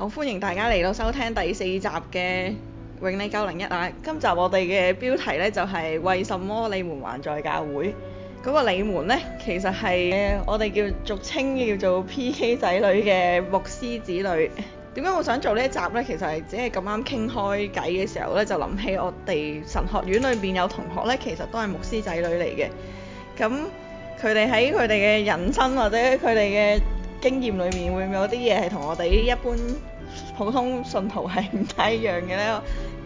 好，歡迎大家嚟到收聽第四集嘅永利九零一。啊！今集我哋嘅標題呢、就是，就係為什麼你們還在教會？嗰、那個你們呢，其實係我哋叫俗稱叫做 PK 仔女嘅牧師子女。點解我想做呢一集呢？其實係只係咁啱傾開偈嘅時候呢，就諗起我哋神學院裏面有同學呢，其實都係牧師仔女嚟嘅。咁佢哋喺佢哋嘅人生或者佢哋嘅經驗裏面，會唔會有啲嘢係同我哋一般普通信徒係唔太一樣嘅咧，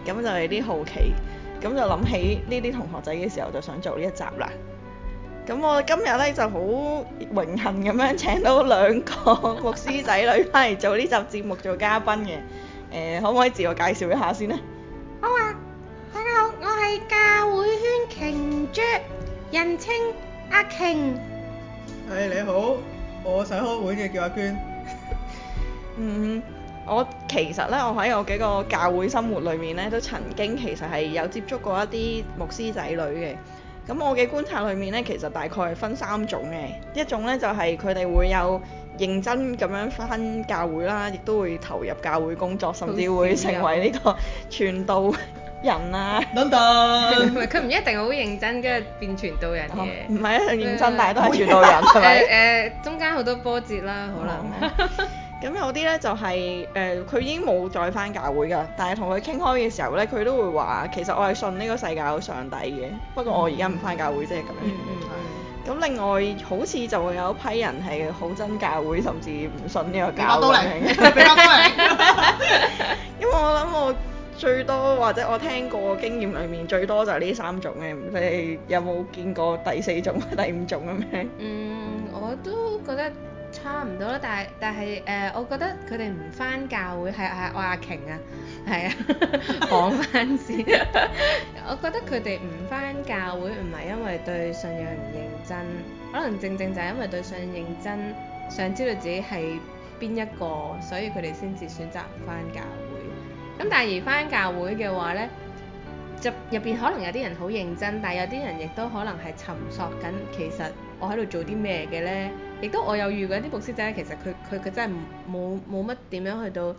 咁就有啲好奇，咁就諗起呢啲同學仔嘅時候，就想做呢一集啦。咁我今日咧就好榮幸咁樣請到兩個牧師仔女翻嚟做呢集節目做嘉賓嘅。誒，可唔可以自我介紹一下先呢？好啊，大家好，我係教會圈瓊珠，人稱阿瓊。係，你好，我想開會嘅叫阿娟。嗯哼。我其實咧，我喺我幾個教會生活裏面咧，都曾經其實係有接觸過一啲牧師仔女嘅。咁我嘅觀察裏面咧，其實大概係分三種嘅。一種咧就係佢哋會有認真咁樣返教會啦，亦都會投入教會工作，甚至會成為呢個傳道人啦、啊。等等，佢唔 一定好認、哦、認真，跟住變傳道人嘅。唔係啊，佢認真，但係都係傳道人係咪？誒中間好多波折啦，可能。咁有啲咧就係、是、誒，佢、呃、已經冇再返教會㗎，但係同佢傾開嘅時候咧，佢都會話其實我係信呢個世界有上帝嘅，不過我而家唔返教會啫咁樣。嗯嗯，咁另外好似就會有一批人係好憎教會，甚至唔信呢個教。比較 因為我諗我最多或者我聽過經驗裏面最多就係呢三種嘅，你有冇見過第四種、第五種咁樣？嗯，我都覺得。差唔多啦，但係但係誒、呃，我覺得佢哋唔翻教會係係愛阿瓊啊，係啊講翻先。我覺得佢哋唔翻教會唔係因為對信仰唔認真，可能正正就係因為對信仰認真，想知道自己係邊一個，所以佢哋先至選擇唔翻教會。咁但係而翻教會嘅話呢，入入邊可能有啲人好認真，但係有啲人亦都可能係尋索緊，其實我喺度做啲咩嘅呢？亦都我有遇過一啲牧師仔，其實佢佢佢真係冇冇乜點樣去到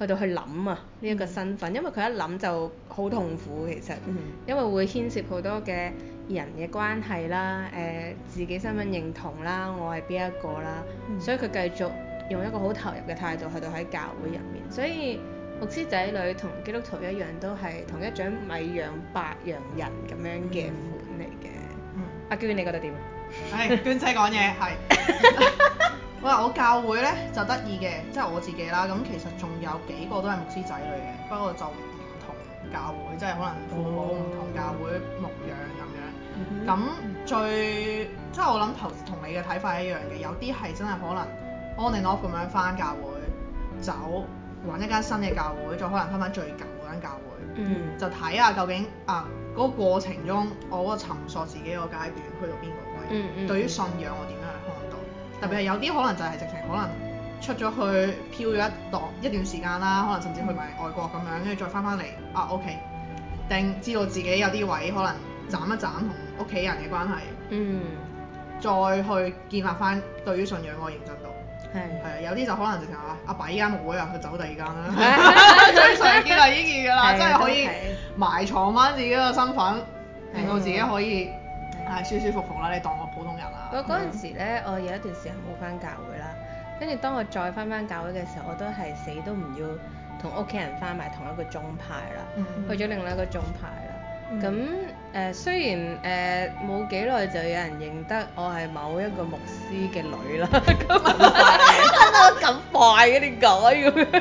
去到去諗啊呢一、這個身份，因為佢一諗就好痛苦其實，嗯、因為會牽涉好多嘅人嘅關係啦，誒、呃、自己身份認同啦，嗯、我係邊一個啦，嗯、所以佢繼續用一個好投入嘅態度去到喺教會入面，所以牧師仔女同基督徒一樣，都係同一種米養百樣人咁樣嘅款嚟嘅。阿、嗯啊、娟，你覺得點？誒、 哎，娟姐講嘢係，喂， 我教會呢，就得意嘅，即、就、係、是、我自己啦。咁其實仲有幾個都係牧師仔女嘅，不過就唔同教會，即係可能父母唔同教會牧養咁樣。咁、哦、最即係我諗頭同你嘅睇法一樣嘅，有啲係真係可能 on and off 咁樣返教會，走揾一間新嘅教會，再可能返返最舊嗰間教會，嗯、就睇下究竟啊。嗰個過程中，我嗰個尋索自己個階段去到邊個位？對於信仰我點樣去看待？特別係有啲可能就係直情可能出咗去漂咗一檔一段時間啦，可能甚至去埋外國咁樣，跟住再翻翻嚟啊 OK，定知道自己有啲位可能斬一斬同屋企人嘅關係，再去建立翻對於信仰我認真度係係有啲就可能直情話阿爸依家冇人啊，去走第二間啦，最常見係呢件㗎啦，真係可以。埋藏翻自己個身份，令到自己可以係舒舒服服啦。你當我普通人啦。我嗰陣時咧，嗯、我有一段時間冇翻教會啦。跟住當我再翻翻教會嘅時候，我都係死都唔要同屋企人翻埋同一個宗派啦，嗯嗯，去咗另一個宗派啦。咁誒、嗯呃、雖然誒冇幾耐就有人認得我係某一個牧師嘅女啦。咁 麼 快啲點解咁？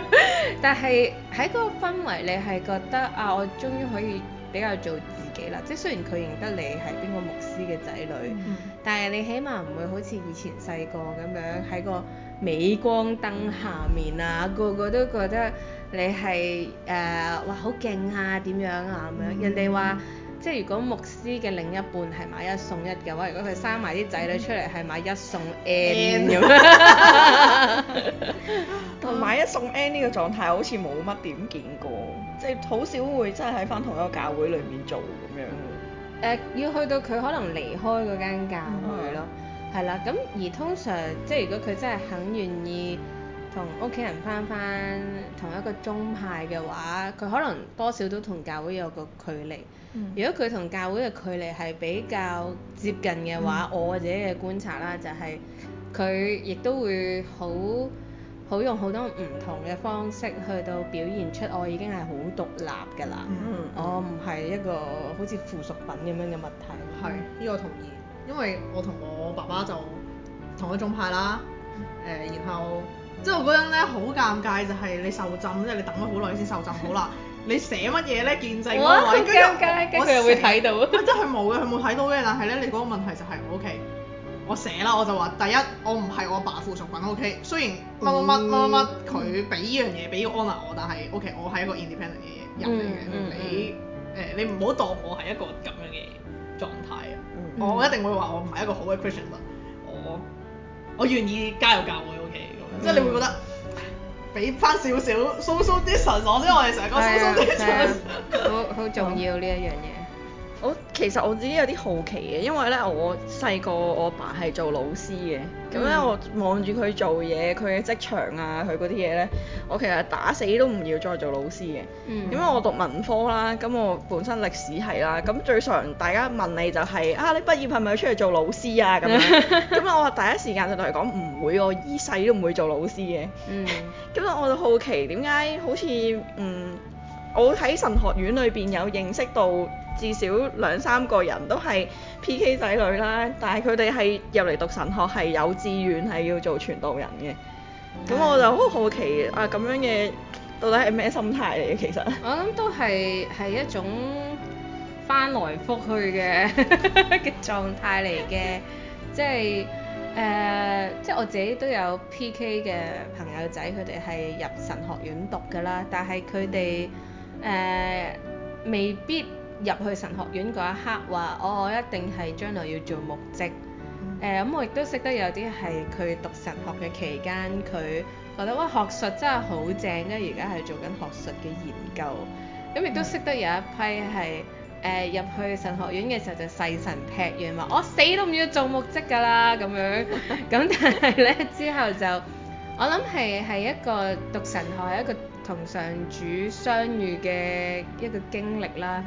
但係。喺嗰個氛圍，你係覺得啊，我終於可以比較做自己啦。即係雖然佢認得你係邊個牧師嘅仔女，嗯、但係你起碼唔會好似以前細個咁樣喺、嗯、個鎂光燈下面啊，個個都覺得你係誒、呃、哇好勁啊，點樣啊咁樣。嗯、人哋話，即係如果牧師嘅另一半係買一送一嘅話，如果佢生埋啲仔女出嚟係、嗯、買一送 N 咁樣。買、啊、一送 N 呢個狀態，好似冇乜點見過，嗯、即係好少會真係喺翻同一個教會裏面做咁樣、嗯。誒、呃，要去到佢可能離開嗰間教會咯，係、嗯嗯、啦。咁而通常，即係如果佢真係肯願意同屋企人翻翻同一個宗派嘅話，佢可能多少都同教會有個距離。嗯、如果佢同教會嘅距離係比較接近嘅話，嗯、我自己嘅觀察啦，就係、是、佢亦都會好。好用好多唔同嘅方式去到表現出我已經係好獨立㗎啦，嗯嗯、我唔係一個好似附屬品咁樣嘅物體。係，依、呢個同意。因為我同我爸爸就同一種派啦，誒、 呃，然後、嗯、即係我覺得咧好尷尬，就係、是、你受浸即係你等咗好耐先受浸好啦，你寫乜嘢咧見證啊，跟住我哋又會睇到。真係佢冇嘅，佢冇睇到嘅，但係咧你嗰個問題就係 O K。 我寫啦，我就話第一，我唔係我爸附屬品，OK。OK? 雖然乜乜乜乜乜佢俾呢樣嘢俾要 honor 我，但係 OK。OK, 我係一個 independent 嘅人嚟嘅、嗯嗯欸，你誒你唔好當我係一個咁樣嘅狀態啊、嗯。我一定會話我唔係一個好嘅 Christian 啊。我我願意加入教會，OK。即、OK? 係、嗯、你會覺得俾翻少少 social distance，或者我我哋成日講 social distance e 好好重要呢一樣嘢。我其實我自己有啲好奇嘅，因為咧我細個我爸係做老師嘅，咁咧、嗯、我望住佢做嘢，佢嘅職場啊，佢嗰啲嘢咧，我其實打死都唔要再做老師嘅。嗯。咁我讀文科啦，咁我本身歷史係啦，咁最常大家問你就係、是、啊，你畢業係咪要出去做老師啊？咁樣。咁咧 我話第一時間就同佢講唔會，我一世都唔會做老師嘅。嗯。咁咧 我就好奇點解好似嗯，我喺神學院裏邊有認識到。至少兩三個人都係 P.K. 仔女啦，但係佢哋係入嚟讀神學係有志願係要做傳道人嘅。咁、嗯、我就好好奇啊，咁樣嘅到底係咩心態嚟嘅？其實我諗都係係一種翻來覆去嘅嘅狀態嚟嘅，即係誒、呃，即係我自己都有 P.K. 嘅朋友仔，佢哋係入神學院讀㗎啦，但係佢哋誒未必，入去神學院嗰一刻話、哦，我一定係將來要做牧職。誒、呃，咁、嗯、我亦都識得有啲係佢讀神學嘅期間，佢覺得哇學術真係好正，跟住而家係做緊學術嘅研究。咁、嗯、亦、嗯、都識得有一批係誒入去神學院嘅時候就誓神劈願話，我、哦、死都唔要做牧職㗎啦咁樣。咁 但係咧之後就我諗係係一個讀神學係一個。同上主相遇嘅一個經歷啦，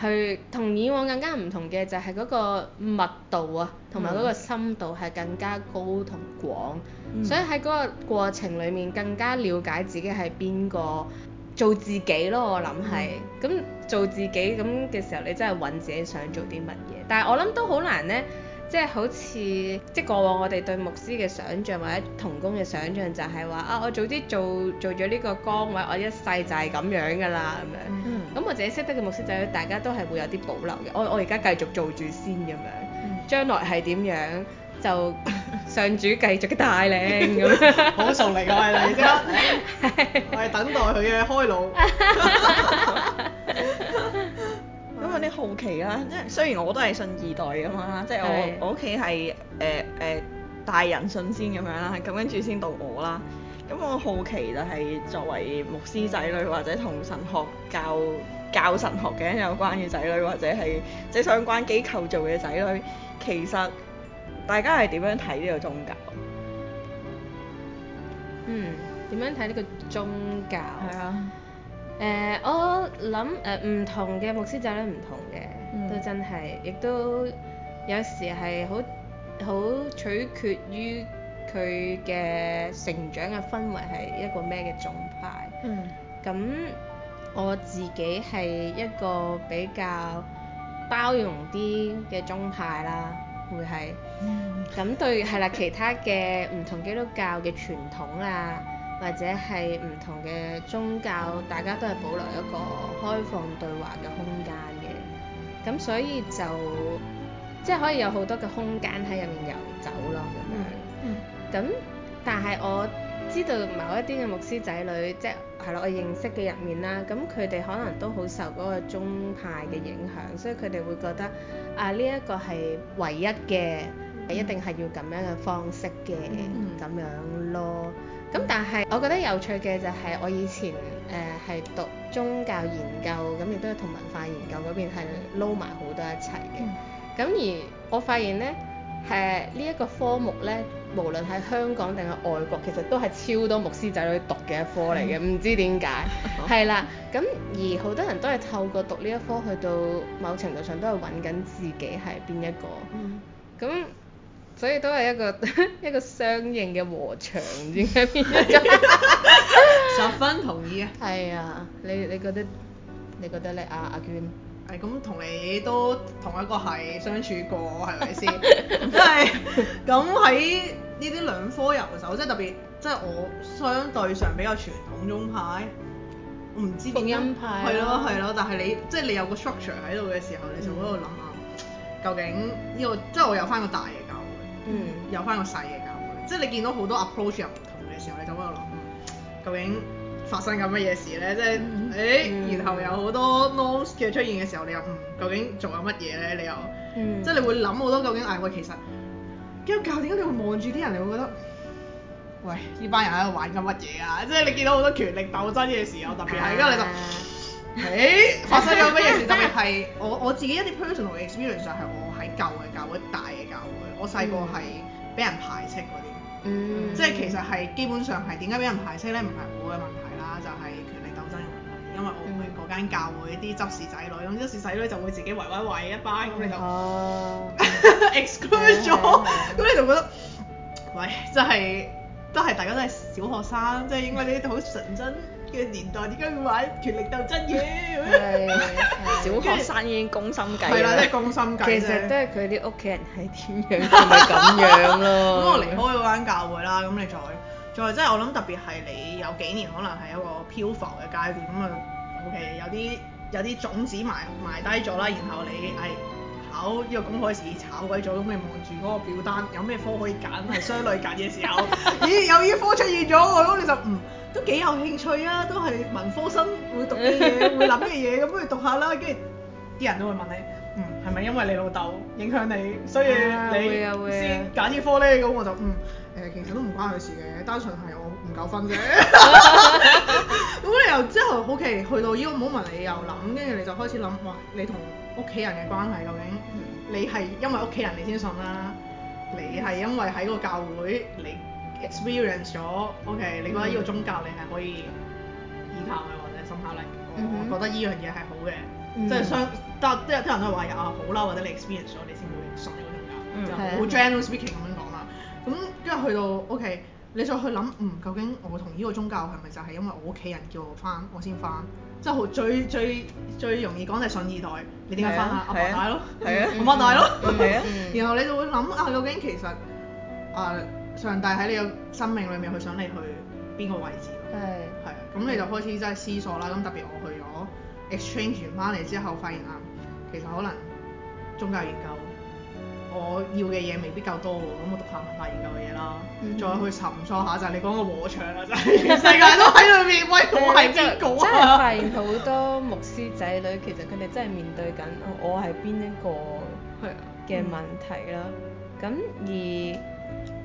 去同、嗯、以往更加唔同嘅就係嗰個密度啊，同埋嗰個深度係更加高同廣，嗯、所以喺嗰個過程裏面更加了解自己係邊個，做自己咯，我諗係，咁、嗯、做自己咁嘅時候，你真係揾自己想做啲乜嘢，但係我諗都好難咧。即係好似即係過往我哋對牧師嘅想像或者同工嘅想像就係話啊，我早啲做做咗呢個崗位，我一世就係咁樣㗎啦咁樣。咁我自己識得嘅牧師仔，就係，大家都係會有啲保留嘅。我我而家繼續做住先咁樣，將來係點樣就上主繼續嘅帶領咁， 好屬靈呀，我係等待佢嘅開路。 有啲好奇啦，即係雖然我都係信二代㗎嘛，即係我我屋企係誒誒大人信先咁樣啦，咁跟住先到我啦。咁我好奇就係作為牧師仔女或者同神學教教神學嘅有關嘅仔女，或者係即係相關機構做嘅仔女，其實大家係點樣睇呢個宗教？嗯，點樣睇呢個宗教？係啊。誒、呃，我諗誒唔同嘅牧師仔女唔同嘅，嗯、都真係，亦都有時係好好取決於佢嘅成長嘅氛圍係一個咩嘅宗派。咁、嗯、我自己係一個比較包容啲嘅宗派啦，會係。咁、嗯、對係啦，其他嘅唔同基督教嘅傳統啦。或者係唔同嘅宗教，大家都係保留一個開放對話嘅空間嘅。咁所以就即係可以有好多嘅空間喺入面遊走咯，咁樣。咁、嗯嗯、但係我知道某一啲嘅牧師仔女，即係係咯，我認識嘅入面啦，咁佢哋可能都好受嗰個宗派嘅影響，所以佢哋會覺得啊呢一個係唯一嘅，嗯、一定係要咁樣嘅方式嘅咁、嗯嗯、樣咯。咁但係我覺得有趣嘅就係我以前誒係、呃、讀宗教研究，咁亦都係同文化研究嗰邊係撈埋好多一齊嘅。咁、嗯、而我發現呢，誒呢一個科目呢，無論喺香港定係外國，其實都係超多牧師仔女讀嘅一科嚟嘅，唔、嗯、知點解。係啦， 咁而好多人都係透過讀呢一科去到某程度上都係揾緊自己係邊一個。咁、嗯嗯所以都係一個一個相應嘅和場，點十 分同意啊！係啊，你你覺,你覺得你覺得咧啊？阿娟誒咁同你都同一個係相處過，係咪先？真係咁喺呢啲兩科遊嘅時候，即係特別， 即係我相對上比較傳統中派，我唔知點係咯係咯，但係你即係、就是、你有個 structure 喺度嘅時候，你就喺度諗啊，嗯、究竟呢、呢個即係我有翻個大嗯，有翻個細嘅教會，即係你見到好多 approach 唔同嘅時候，你就喺度諗，究竟發生緊乜嘢事咧？即係，誒，然後有好多 noise 嘅出現嘅時候，你又，究竟做緊乜嘢咧？你又，即係你會諗好多，究竟喂，其實，一個教點解你會望住啲人，你會覺得，喂，呢班人喺度玩緊乜嘢啊？即係你見到好多權力鬥爭嘅時候，特別係而家你就，誒，發生咗乜嘢事？特別係我我自己一啲 personal experience 上係我喺舊嘅教會大。我細個係俾人排斥嗰啲，嗯、即係其實係基本上係點解俾人排斥咧？唔係我嘅問題啦，就係、係、權力鬥爭嘅問題。因為我去嗰間教會啲執事仔女，咁執、嗯、事仔女就會自己圍圍圍一班，咁你就哦，exclude 咗，咁你就覺得喂，真係都係大家都係小學生，即係應該啲都好純真，真、嗯。嘅年代點解要玩權力鬥爭嘅？係小學生已經攻心計啦，係啦，都係攻心計啫。其實都係佢啲屋企人係點樣，係咪咁樣咯？咁我離開咗間教會啦，咁你再再即係我諗特別係你有幾年可能係一個漂浮嘅階段，咁啊 OK，有啲有啲種子埋埋低咗啦，然後你係考呢個公開試炒鬼咗，咁你望住嗰個表單有咩科可以揀係相類緊嘅時候，咦，有依科出現咗，咁你就唔～都幾有興趣啊！都係文科生會讀啲嘢，會諗嘅嘢咁，不如讀下啦。跟住啲人都會問你：嗯，係咪因為你老豆影響你，所以你先揀依科呢？咁我就嗯誒，其實都唔關佢事嘅，單純係我唔夠分啫。咁你又之後好奇去到依個，唔好問你又諗，跟住你就開始諗話你同屋企人嘅關係，究竟你係因為屋企人你先信啦，你係因為喺個教會你。experience 咗，OK，你覺得呢個宗教你係可以依靠嘅，或者深刻咧，我覺得呢樣嘢係好嘅，即係相，但係都有啲人都係話啊，好啦，或者你 experience 咗你先會信呢個宗教，好 general speaking 咁樣講啦。咁跟住去到 OK，你再去諗，嗯，究竟我同呢個宗教係咪就係因為我屋企人叫我返，我先返，即係好最最最容易講就係信二代，你點解返啊？阿婆大咯，係啊，阿媽大咯，然後你就會諗啊，究竟其實啊。上帝喺你嘅生命裏面，佢想你去邊個位置？係是。係咁你就開始真係思索啦。咁特別我去咗 exchange 完翻嚟之後，發現啊，其實可能宗教研究我要嘅嘢未必夠多喎。咁我讀下文化研究嘅嘢啦，嗯、再去尋索下就係、是、你講嘅和場啦，就係、是、全世界都喺裏面，喂， 我係邊個啊？真係發現好多牧師仔女其實佢哋真係面對緊我係邊一個嘅問題啦。咁、啊嗯、而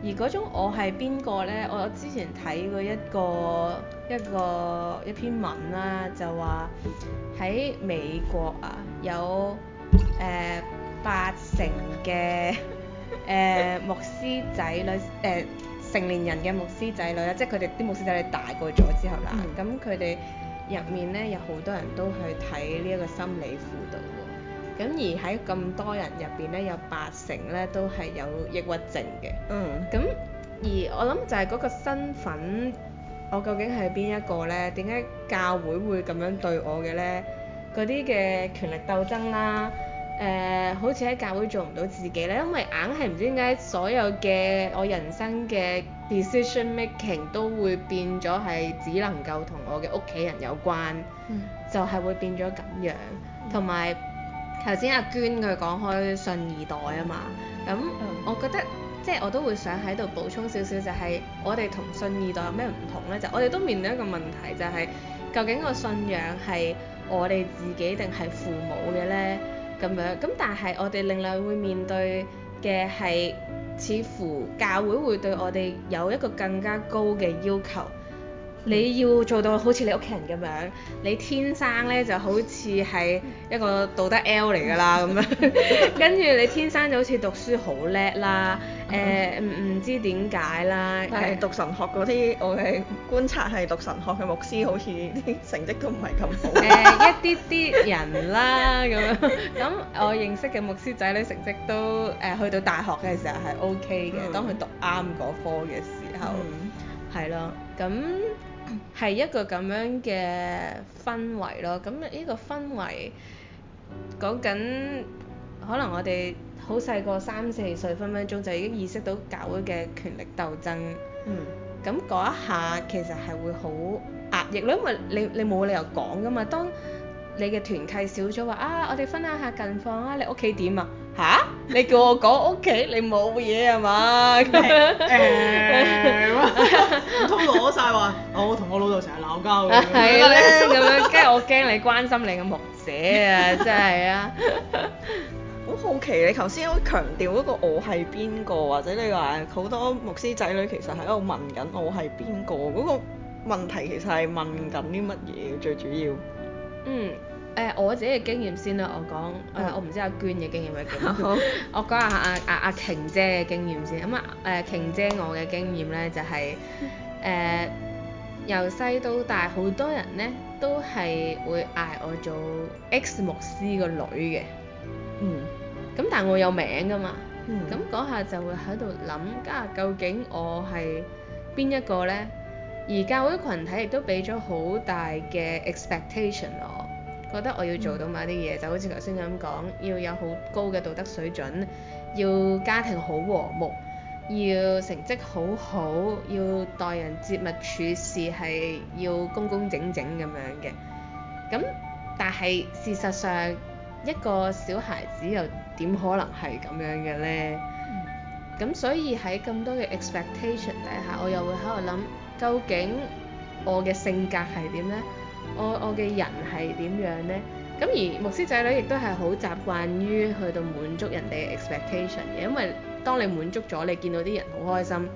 而嗰種我係邊個呢？我之前睇過一個一個一篇文啦、啊，就話喺美國啊，有誒、呃、八成嘅誒、呃、牧師仔女誒、呃、成年人嘅牧師仔女啦，即係佢哋啲牧師仔女大個咗之後啦，咁佢哋入面呢，有好多人都去睇呢一個心理輔導。咁而喺咁多人入邊咧，有八成咧都係有抑鬱症嘅。嗯。咁而我諗就係嗰個身份，我究竟係邊一個呢？點解教會會咁樣對我嘅呢？嗰啲嘅權力鬥爭啦、啊，誒、呃，好似喺教會做唔到自己呢，因為硬係唔知點解所有嘅我人生嘅 decision making 都會變咗係只能夠同我嘅屋企人有關，嗯、就係會變咗咁樣。同埋、嗯。頭先阿娟佢講開信二代啊嘛，咁我覺得、嗯、即係我都會想喺度補充少少，就係我哋同信二代有咩唔同呢？就係、我哋都面對一個問題，就係、係、究竟個信仰係我哋自己定係父母嘅呢？咁樣咁，但係我哋另外會面對嘅係，似乎教會會對我哋有一個更加高嘅要求。 你要做到好似你屋企人咁樣，你天生咧就係、好似係一個道德 L 嚟㗎啦咁樣，跟住你天生就好似讀書好叻啦，誒唔唔知點解啦。Mm. 但係讀神學嗰啲，我嘅觀察係讀神學嘅牧師好似啲成績都唔係咁好。 誒一啲啲人啦咁樣，咁我認識嘅牧師仔女成績都誒、呃、去到大學嘅時候係 OK 嘅，mm. 當佢讀啱嗰科嘅時候，係咯、mm.，咁。係一個咁樣嘅氛圍咯，咁呢個氛圍講緊，可能我哋好細個三四歲分分鐘就已經意識到教會嘅權力鬥爭。嗯。咁嗰一下其實係會好壓抑咯，因為你你冇理由講㗎嘛。當你嘅團契少咗話啊，我哋分享下近況啊，你屋企點啊？吓？你叫我講屋企， okay，你冇嘢係嘛？唔 通攞晒話？我同我老豆成日鬧交嘅。係咧，咁樣，梗係我驚你關心你嘅牧者啊，真係啊！好好奇你頭先好強調嗰個我係邊個，或者你話好多牧師仔女其實喺度問緊我係邊個嗰個問題，其實係問緊啲乜嘢最主要？嗯。誒我自己嘅經驗先啦，我講，誒我唔知阿娟嘅經驗係幾多，我講下阿阿阿瓊姐嘅經驗先。咁啊誒瓊姐我嘅經驗咧就係誒由細到大，好多人咧都係會嗌我做 X 牧師個女嘅。嗯。咁但係我有名噶嘛？嗯。咁嗰下就會喺度諗，家下究竟我係邊一個咧？而教會羣體亦都俾咗好大嘅 expectation 我。覺得我要做到某啲嘢，就好似頭先咁講，要有好高嘅道德水準，要家庭好和睦，要成績好好，要待人接物處事係要公公整整咁樣嘅。咁但係事實上一個小孩子又點可能係咁樣嘅呢？咁所以喺咁多嘅 expectation 底下，我又會喺度諗，究竟我嘅性格係點呢？我我嘅人係點樣呢？咁而牧師仔女亦都係好習慣於去到滿足人哋嘅 expectation 嘅，因為當你滿足咗，你見到啲人好開心，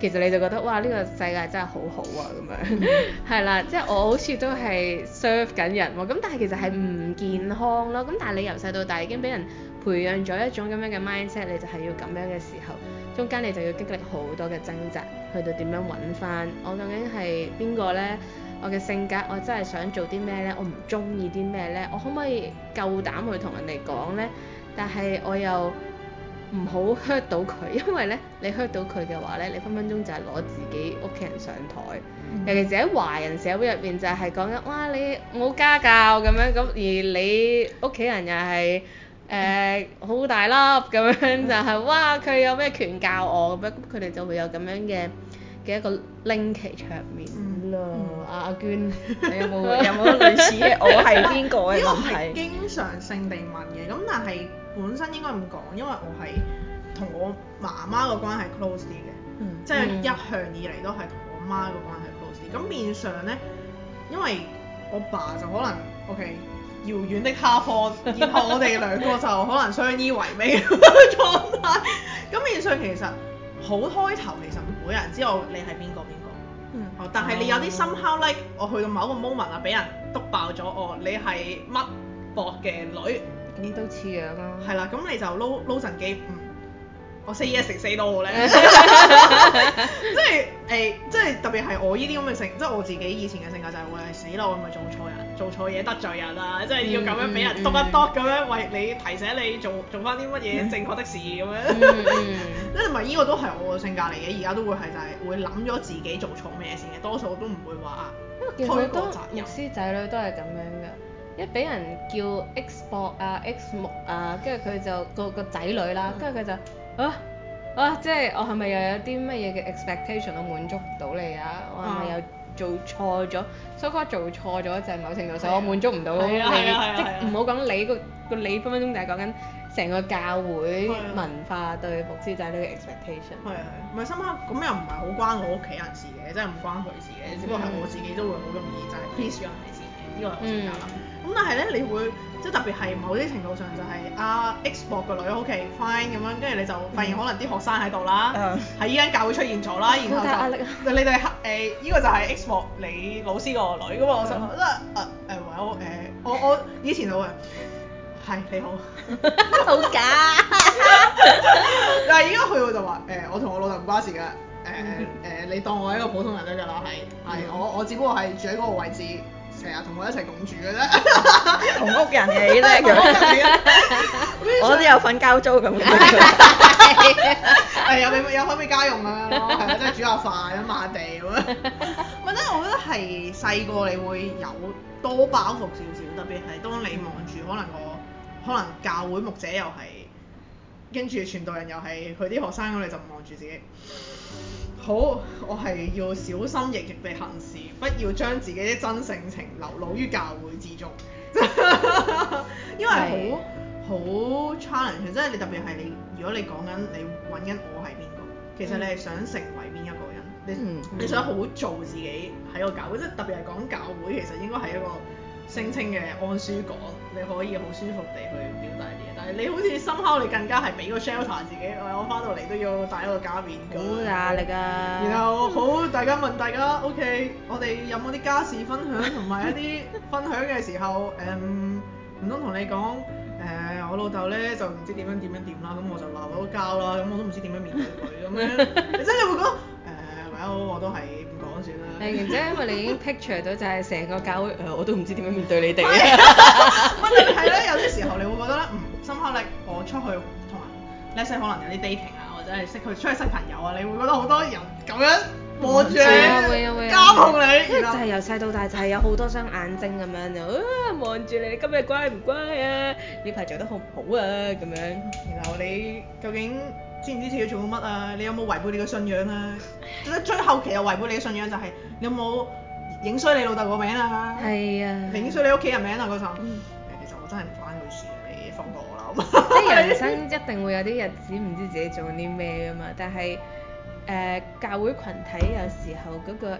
其實你就覺得哇呢個世界真係好好啊咁樣，係 啦，即係我好似都係 serve 緊人喎，咁但係其實係唔健康咯。咁但係你由細到大已經俾人培養咗一種咁樣嘅 mindset，你就係要咁樣嘅時候，中間你就要經歷好多嘅掙扎，去到點樣揾翻我究竟係邊個呢？我嘅性格，我真係想做啲咩呢？我唔中意啲咩呢？我可唔可以夠膽去同人哋講呢？但係我又唔好 hurt 到佢，因為呢，你 hurt 到佢嘅話呢，你分分鐘就係攞自己屋企人上台。嗯、尤其是喺華人社會入面，就係講緊哇你冇家教咁樣，咁而你屋企人又係誒好大粒咁樣，就係、是、哇佢有咩權教我咁樣，佢哋就會有咁樣嘅嘅一個 linkage 裡面啦。嗯嗯阿、啊、娟，嗯、你有冇有冇 類似我係邊個嘅問題係經常性地問嘅，咁但係本身應該唔講，因為我係同我媽媽嘅關係 close 啲嘅，嗯、即係一向以嚟都係同我媽嘅關係 close 啲。咁、嗯、面上咧，因為我爸就可能 OK，遙遠的他科，然後我哋兩個就可能相依為命長大。咁 面上其實好開頭，其實唔會有人知我你係邊個。但係你有啲心口 like，我去到某一個 moment 啊，俾人篤爆咗我，你係乜博嘅女？你都似樣啦。係啦，咁你就撈撈神機，嗯，我食嘢食死到我咧，即係誒，即係特別係我呢啲咁嘅性，即係我自己以前嘅性格就係、係、喂死啦，我咪做錯人，做錯嘢得罪人啦、啊，即係要咁樣俾人督一督，咁樣，為你提醒你做做翻啲乜嘢正確的事咁樣。 因為呢個都係我個性格嚟嘅。而家都會係就係會諗咗自己做錯咩先嘅。多數都唔會話推卸責任。因為好多牧師仔女都係咁樣㗎。一俾人叫 X 博啊、X 牧啊，跟住佢就個個仔女啦，跟住佢就啊啊，即係我係咪又有啲乜嘢嘅 expectation 都滿足到你啊？嗯、我係咪又做錯咗？So called 做錯咗就係某程度上、嗯、我滿足唔到你。係啊係啊係啊！唔好講你個個你分分鐘就係講緊。成個教會文化對牧師仔女嘅 expectation 係啊，唔 係深刻。咁又唔係好關我屋企人事嘅，真係唔關佢事嘅，只不過係我自己都會好容易就係 please 咗人哋先嘅， 呢個係我成家啦。咁但係咧，你會即係特別係某啲程度上就係啊 X 博嘅女 OK 企 fine 咁樣，跟住你就發現可能啲學生喺度啦，喺 依間教會出現咗啦，然後就係、 你哋誒依個就係 X 博你老師個女噶嘛、呃呃呃呃，我心媽即係誒誒我、呃、我以前我。 係你好， 好假。 但係而家去佢就話誒、欸，我同我老豆唔關事㗎。誒、欸、誒、欸，你當我係一個普通人得㗎啦，係係、嗯。我我只不過係住喺嗰個位置，成日同我一齊共住嘅啫， 同屋人嘅呢啲咁樣 我都有份交租咁。係、 欸、有俾有可俾家用啊，係即係煮下飯啊，抹地咁啊。唔係， 我覺得我覺得係細個你會有多包袱少少，特別係當你望住可能我。可能教會牧者又係，跟住傳道人又係佢啲學生咁，你就唔望住自己。好，我係要小心翼翼地行事，不要將自己啲真性情流露於教會之中。 因為好好 challenge，即係你特別係你，如果你講緊你揾緊我係邊個，其實你係想成為邊一個人？你、嗯、你想好做自己喺個教會，即係特別係講教會，其實應該係一個。聲稱嘅安舒港，你可以好舒服地去表達啲嘢。但係你好似深烤，你更加係俾個 shelter 自己。哎、我我翻到嚟都要戴一個假面咁。好大壓力㗎。然後、嗯、好，大家問大家、嗯、OK，我哋有冇啲家事分享同埋一啲分享嘅時候，誒唔通同你講，誒、呃、我老豆咧就唔知點樣點樣點啦，咁我就鬧到交啦，咁我都唔知點樣面對佢咁樣。你真係會講誒？你、呃呃呃、我都係。誒， 然之後因為你已經 picture 到就係成個教會誒、 呃，我都唔知點樣面對你哋。係啦，有啲時候你會覺得咧，嗯，心壓力。我出去同埋你細可能有啲 dating 啊，或者係識去出去識朋友啊，你會覺得好多人咁樣望住、啊，監控你。啊啊、就係由細到大，就係、是、有好多雙眼睛咁樣啊，望住你，今日乖唔乖啊？呢排做得好唔好啊？咁樣。然後你究竟知唔知自己做乜啊？你有冇違背你嘅信仰啊？最 最後期又違背你嘅信仰就係、是、你有冇影衰你老豆個名啊？係啊！影衰你屋企人名啊嗰陣，誒、啊嗯、其實我真係唔關佢事，你放過我啦，即係人生一定會有啲日子唔知自己做緊啲咩㗎嘛，但係誒、呃、教會群體有時候嗰、那個。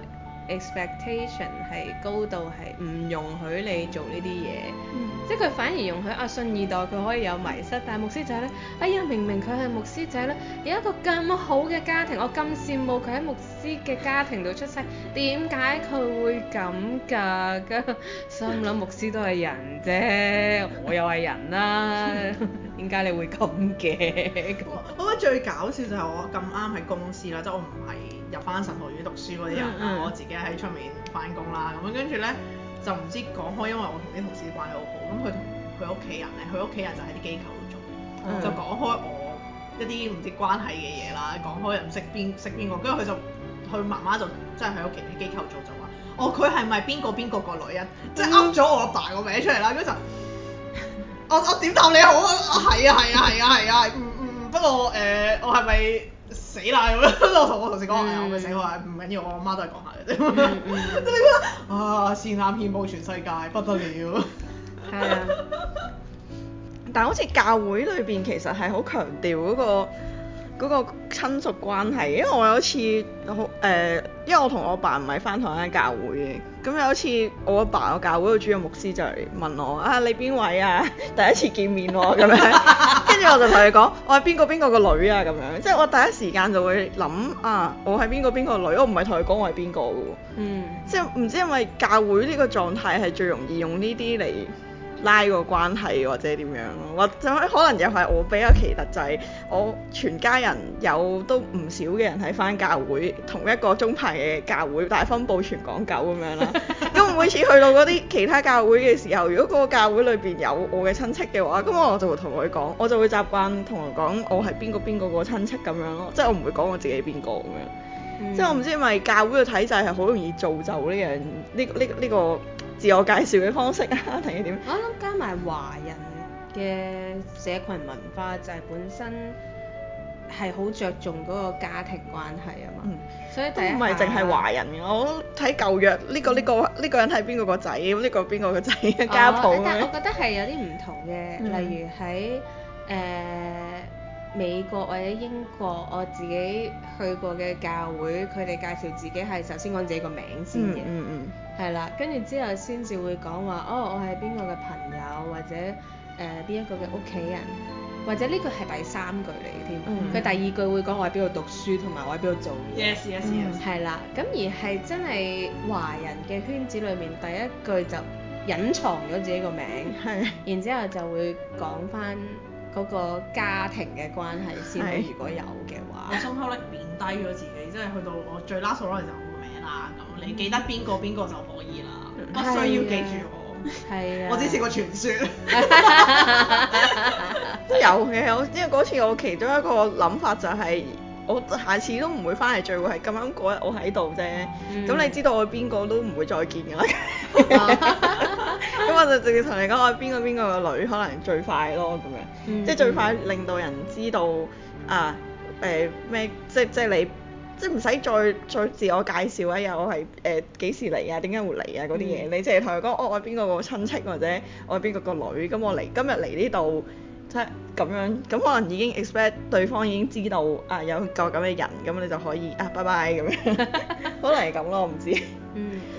Expectation 係高度，係唔容許你做呢啲嘢，嗯、即係佢反而容許阿、啊、信二代佢可以有迷失，嗯、但係牧師仔呢？哎呀明明佢係牧師仔咧，有一個咁好嘅家庭，我咁羨慕佢喺牧師嘅家庭度出世，點解佢會咁㗎？咁 心諗裡 牧師都係人啫，嗯、我又係人啦、啊。 點解你會咁嘅？我覺得最搞笑就係我咁啱喺公司啦，即、就、係、是、我唔係入翻神學院讀書嗰啲人、mm hmm. 我自己喺出面返工啦。咁樣跟住咧就唔知講開，因為我同啲同事關係好好，咁佢同佢屋企人咧，佢屋企人就喺啲機構度做，mm hmm. 就講開我一啲唔知關係嘅嘢啦，講開又唔識邊識邊個，跟住佢就佢媽媽就即係喺屋企啲機構做就話，哦佢係咪邊個邊個個女人？即係噏咗我爸個名出嚟啦，跟住就。我我點答你好啊？係啊係啊係啊係啊，啊！嗯嗯，不過誒、呃，我係咪死啦咁、 哎？我同我同事講，係我咪死，話唔緊要，我阿媽都係講下嘅啫。真係覺得啊，善眼遍布全世界不得了。係啊， 但係好似教會裏邊其實係好強調嗰、那個嗰、那個親屬關係嘅，因為我有一次好誒、呃，因為我同我爸唔係返同一間教會嘅。咁有一次我爸爸，我阿爸個教會個主任牧師就嚟問我： 啊，你邊位啊？第一次見面喎、啊、咁樣。跟 住我就同佢講：我係邊個邊個個女啊咁樣。即係我第一時間就會諗：啊，我係邊個邊個女？我唔係同佢講我係邊個。嗯。即係唔知因為教會呢個狀態係最容易用呢啲嚟。拉個關係或者點樣咯。或者可能又係我比較奇特，就係我全家人有都唔少嘅人喺返教會同一個宗派嘅教會，但係分佈全港九咁樣啦。咁 每次去到嗰啲其他教會嘅時候，如果嗰個教會裏邊有我嘅親戚嘅話，咁我就會同佢講，我就會習慣同佢講我係邊個邊個個親戚咁樣咯，即係我唔會講我自己邊個咁樣。嗯、即係我唔知因為教會嘅體制係好容易造就呢樣呢呢呢個。呢個呢個呢個呢個自我介紹嘅方式啊，定係點？我諗加埋華人嘅社群文化就係、是、本身係好着重嗰個家庭關係啊嘛，嗯、所以都唔係淨係華人、嗯、我睇舊約呢、呢個呢、嗯呢個呢、呢個人係邊、個個仔，呢個邊個個仔家譜泡但係我覺得係有啲唔同嘅，嗯、例如喺誒，呃美國或者英國，我自己去過嘅教會，佢哋介紹自己係首先講自己個名先嘅，係啦、嗯嗯嗯，跟住之後先至會講話，哦，我係邊個嘅朋友或者誒邊一個嘅屋企人，或者呢個係第三句嚟添。嗯，佢第二句會講我喺邊度讀書同埋我喺邊度做嘢。Yes yes yes。係啦，咁而係真係華人嘅圈子裏面，第一句就隱藏咗自己個名，係， 然之後就會講翻。嗰個家庭嘅關係先，如果有嘅話，我心口咧貶低咗自己，即係去到我最拉數落嚟就我個名啦。咁你記得邊個邊個就可以啦，不需要記住我，係啊，我只是個傳説。都有嘅，我因為嗰次我其中一個諗法就係，我下次都唔會翻嚟聚會，係咁啱嗰日我喺度啫。咁你知道我邊個都唔會再見嘅啦。咁 我就直接同你講，我係邊個邊個女，可能最快咯，咁樣，嗯、即係最快令到人知道、嗯、啊，誒、呃、咩，即係即係你，即係唔使再再自我介紹、呃、啊，又係誒幾時嚟啊，點解會嚟啊嗰啲嘢，你直接同佢講，我係邊個個親戚或者我係邊個個女，咁我嚟今日嚟呢度，即係咁樣，咁可能已經 expect 對方已經知道啊有個咁嘅人，咁你就可以啊拜拜咁樣，可能係咁咯，我唔知。